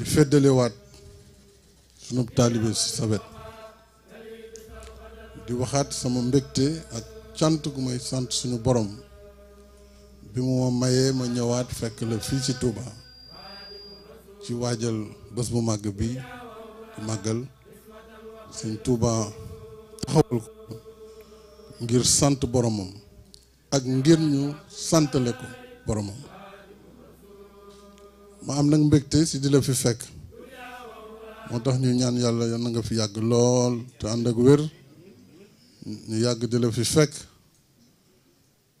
di feddalewaat sunu taalibe si sa wet di waxaat sama mbégte ak cant gu may sant suñu borom bi mu ma mayee ma ñëwaat fekk la fii ci Touba ci waajal bés bu màgg bi di màggal sëñ Touba taxawal ko ngir sant boromam ak ngir ñu santale ko boromam ma am nak mbekté si dila fi fekk moo tax ñu ñaan yalla yal nga fi yag lool te and ak wër ñu yag di fi fekk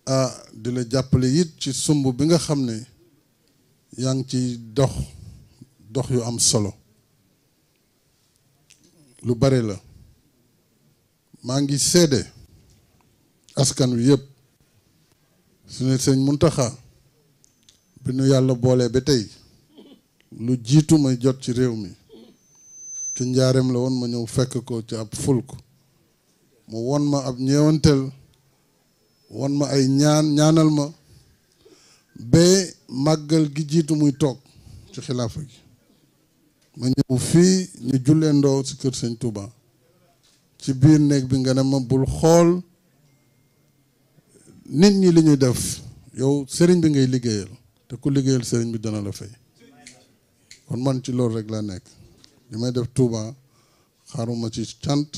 a di la yit ci sumbu bi nga xamné yang ci dox dox yu am solo lu bari la ma ngi sédé askan wi yépp suñu señ Muntaxa bi nu yàlla ba lu jiitu may jot ci réew mi ci njaareem la woon ma ñëw fekk ko ci ab fulk mu won ma ab ñeewanteel won ma ay ñaan ñaanal ma ba màggal gi jiitu muy toog ci xilaafa gi ma ñëw fii ñu jullee ndoo ci kër sëñ Touba ci biir néeg bi nga ne ma bul xool nit ñi li ñuy def yow sëriñ bi ngay liggéeyal te ku liggéeyal sëriñ bi dana la fay kon man ci loolu rek laa nekk li may def Touba xaaruma ci cant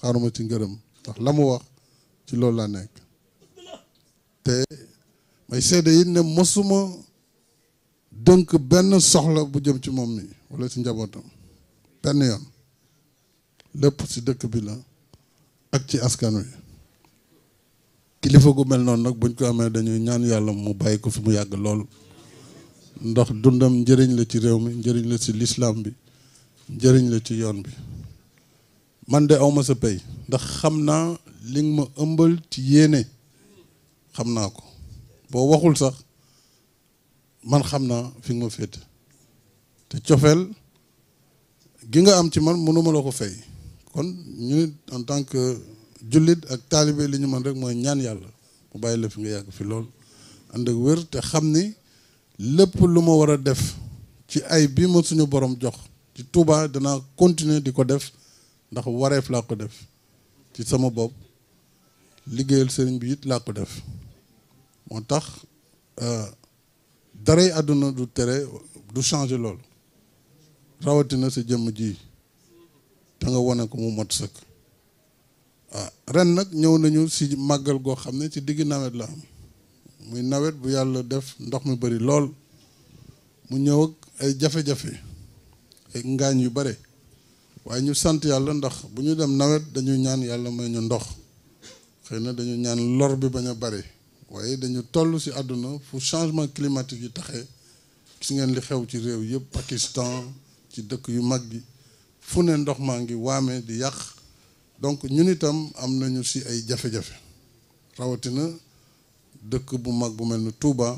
xaaruma ci ngërëm ndax la mu wax ci loolu laa nekk te may seede yi ne mosuma dënk benn soxla bu jëm ci moom mi wala ci njabootam benn yoon lépp ci dëkk bi la ak ci askan wi kilifa gu mel noonu nag buñ ko amee dañuy ñaan yàlla mu bàyyi ko fi mu yàgg lool ndax dundam njëriñ la ci réew mi njëriñ la ci lislaam bi njëriñ la ci yoon bi man de awma sa pay ndax xam naa li nga ma ëmbal ci yéene xam naa ko boo waxul sax man xam naa fi nga ma féete te cofeel gi nga am ci man mënuma la ko fay kon ñu nit en tant que jullit ak taalibe li ñu man rek mooy ñaan yàlla mu bàyyi la fi nga yàgg fi lool ànd ak wér te xam ni lépp lu ma war a def ci ay bi ma suñu borom jox ci Touba danaa continuer di ko def ndax wareef laa ko def ci sama bopp liggéeyal sëriñ bi it laa ko def moo tax euh, daray àdduna du tere du changer loolu rawatina sa jëmm ji te nga wane ko mu mot sëkk ah ren nag ñëw nañu si màggal goo xam ne ci digg nawet la am muy nawet bu yàlla def ndox mi bari lool mu ñëw ay jafe-jafe ay ngaañ yu bare waaye ñu sant yàlla ndax bu ñu dem nawet dañuy ñaan yàlla may ñu ndox xëy na dañu ñaan lor bi bañ a bare waaye dañu toll si àdduna fu changement climatique yi taxee gis ngeen li xew ci réew yëpp Pakistan ci dëkk yu mag yi fu ne ndox maa ngi waame di yàq donc ñun itam am nañu si ay jafe-jafe rawatina dëkk bu mag bu mel ni Touba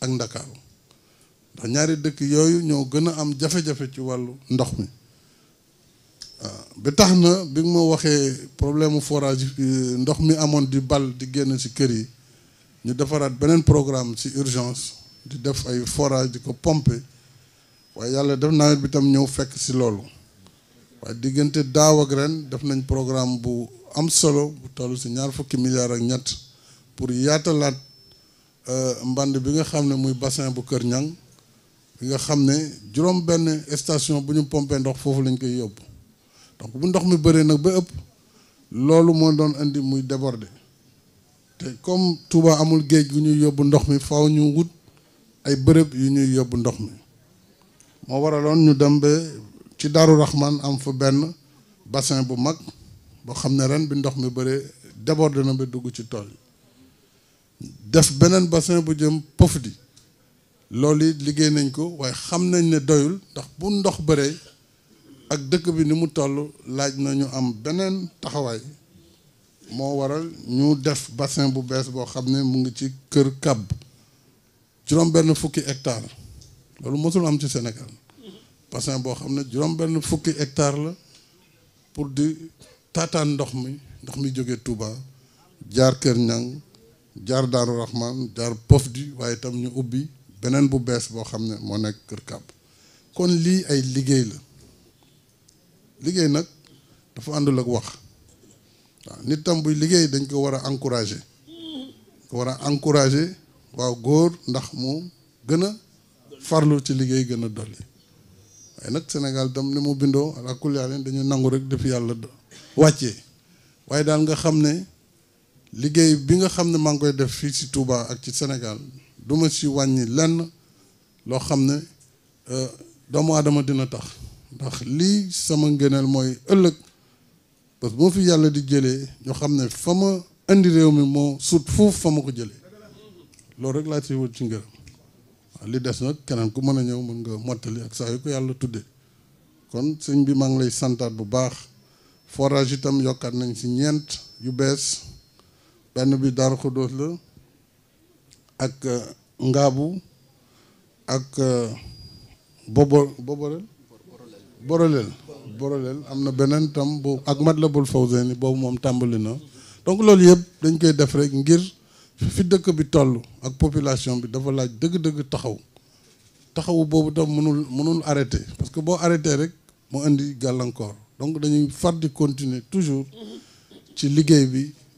ak Ndakaaru ndax ñaari dëkk yooyu ñoo gën a am jafe-jafe ci wàllu ndox mi ba tax na bi waxee problème forage euh, ndox mi amoon di bal di génn ci kër yi ñu defaraat beneen programme ci urgence di def ay forage di ko pomper waaye yàlla def nawet bi tam ñëw fekk si loolu waaye diggante daaw ak ren def nañ programme bu am solo bu toll si ñaar fukki milliards ak ñett pour yaatalaat euh, mband bi nga xam ne muy bassin bu Kër Ñang bi nga xam ne juróom benn station bu ñu pompé ndox foofu lañ koy yóbbu donc bu ndox mi bëree nag ba ëpp loolu moo doon indi muy débordé te comme Touba amul géej gu ñuy yóbbu ndox mi faaw ñu wut ay bërëb yu ñuy yóbbu ndox mi moo waraloon ñu dem ba ci Daaru Raxmaan am fu benn bassin bu mag boo xam ne ren bi ndox mi bëree débordé na ba dugg ci tool yi def beneen bassin bu jëm pof di loolu it liggéey nañ ko waaye xam nañ ne doyul ndax bu ndox bëree ak dëkk bi ni mu toll laaj na ñu am beneen taxawaay moo waral ñu def bassin bu bees boo xam ne mu ngi ci kër kàbb juróom benn fukki hectare loolu mosul am ci Sénégal bassin boo xam ne juróom benn fukki hectare la pour di taataan ndox mi ndox mi jóge tuuba jaar Kër Ñang jaar Daaru Rahman jaar Pofdi waaye itam ñu ubbi beneen bu bees boo xam ne moo nekk Kër Kàbb kon lii ay liggéey la liggéey nag dafa àndul ak wax waaw nit tam buy liggéey dañ ko war a encourager war a encourager waaw góor ndax moom gën a farlu ci liggéey gën a dolli waaye nag senegal tam ni mu bindoo àla kulli dañu nangu rek depuis yàlla wàccee waaye daal nga xam ne liggéey bi nga xam ne maa ngi koy def fii si Touba ak ci senegal du ma ci wàññi lenn loo xam ne euh, doomu aadama dina tax ndax lii sama ngëneel mooy ëllëg parce que boo fi yàlla di jëlee ñoo xam ne fa ma indi réew mi moo sut fuuf ma ko jëlee loolu rek laa ci wut ci ngërëm waaw li des nag keneen ku mën a ñëw mën nga mottali ak saa yu ko yàlla tuddee kon sëñ bi maa ngi lay santaat bu baax forage itam yokkat nañ si ñeent yu bees benn bi Daaru Xudóos la ak euh, ngabu ak euh, Bobo Boborel Borolel Borolel amna benen tam bo ak Matlabul Fawzayni boobu bobu mom tambalina donc loolu yeb dañ koy def rek ngir fi dëkk bi tollu ak population bi dafa laaj deug deug taxaw taxawu bobu tam mënul mënul arrêter parce que bo arrêter rek moo indi gàllankoor donc dañuy fardi continuer toujours ci liguey bi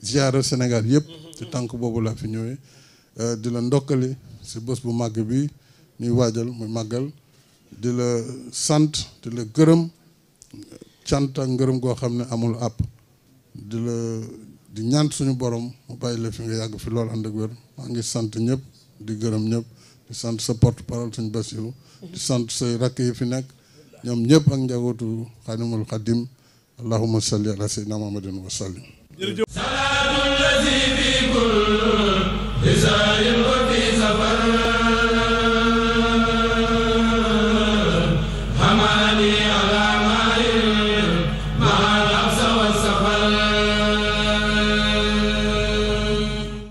ziarah Senegal yep ci tànk boobu la fi euh, di la ndokali si bés bu màgg bi ñuy wajal muy magal di la sant di la gërëm cant ak ngërëm amul ap di la di ñaan suñu borom mu bàyyi la fi nga yàgg fi loolu ànd ak sant ñëpp di gërëm nyep di sant sa paral parole suñu di sant say rakk yi fi nyep ñoom ñëpp ak njabootu xaadimul xadim allahuma salli ala sayyidina muhammadin wa sallim